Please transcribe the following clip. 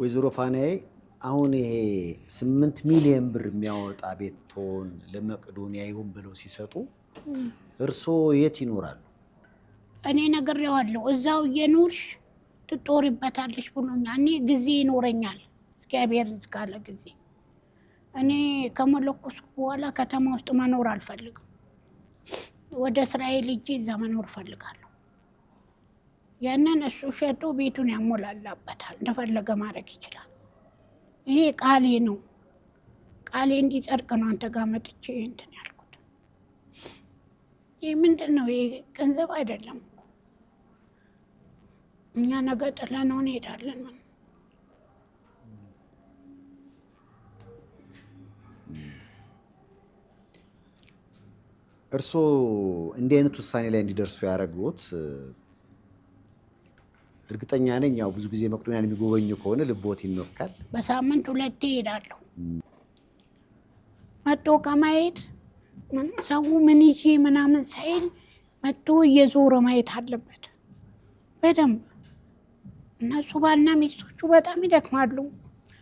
ወይዘሮ ፋናዬ አሁን ይሄ ስምንት ሚሊዮን ብር የሚያወጣ ቤቶን ለመቅዶኒያ ይሁን ብለው ሲሰጡ እርስዎ የት ይኖራሉ? እኔ ነግሬዋለሁ። እዛው እየኖርሽ ትጦሪበታለሽ ብሎኛል። እኔ ጊዜ ይኖረኛል፣ እግዚአብሔር እስካለ ጊዜ። እኔ ከመለኮስኩ በኋላ ከተማ ውስጥ መኖር አልፈልግም። ወደ እስራኤል እጅ እዛ መኖር እፈልጋለሁ። ያንን እሱ ሸጦ ቤቱን ያሞላላበታል። እንደፈለገ ማድረግ ይችላል። ይሄ ቃሌ ነው። ቃሌ እንዲጸድቅ ነው አንተ ጋር መጥቼ እንትን ያልኩት። ይህ ምንድን ነው? ይሄ ገንዘብ አይደለም። እኛ ነገ ጥለነው እንሄዳለን። ምን እርስዎ እንዲህ አይነት ውሳኔ ላይ እንዲደርሱ ያደረጉት እርግጠኛ ነኝ። ያው ብዙ ጊዜ መቅዶኒያን የሚጎበኙ ከሆነ ልቦት ይኖርካል። በሳምንት ሁለቴ ይሄዳለሁ። መጦ ከማየት ሰው ምን ይዤ ምናምን ሳይል መቶ እየዞረ ማየት አለበት በደንብ። እነሱ ባልና ሚስቶቹ በጣም ይደክማሉ።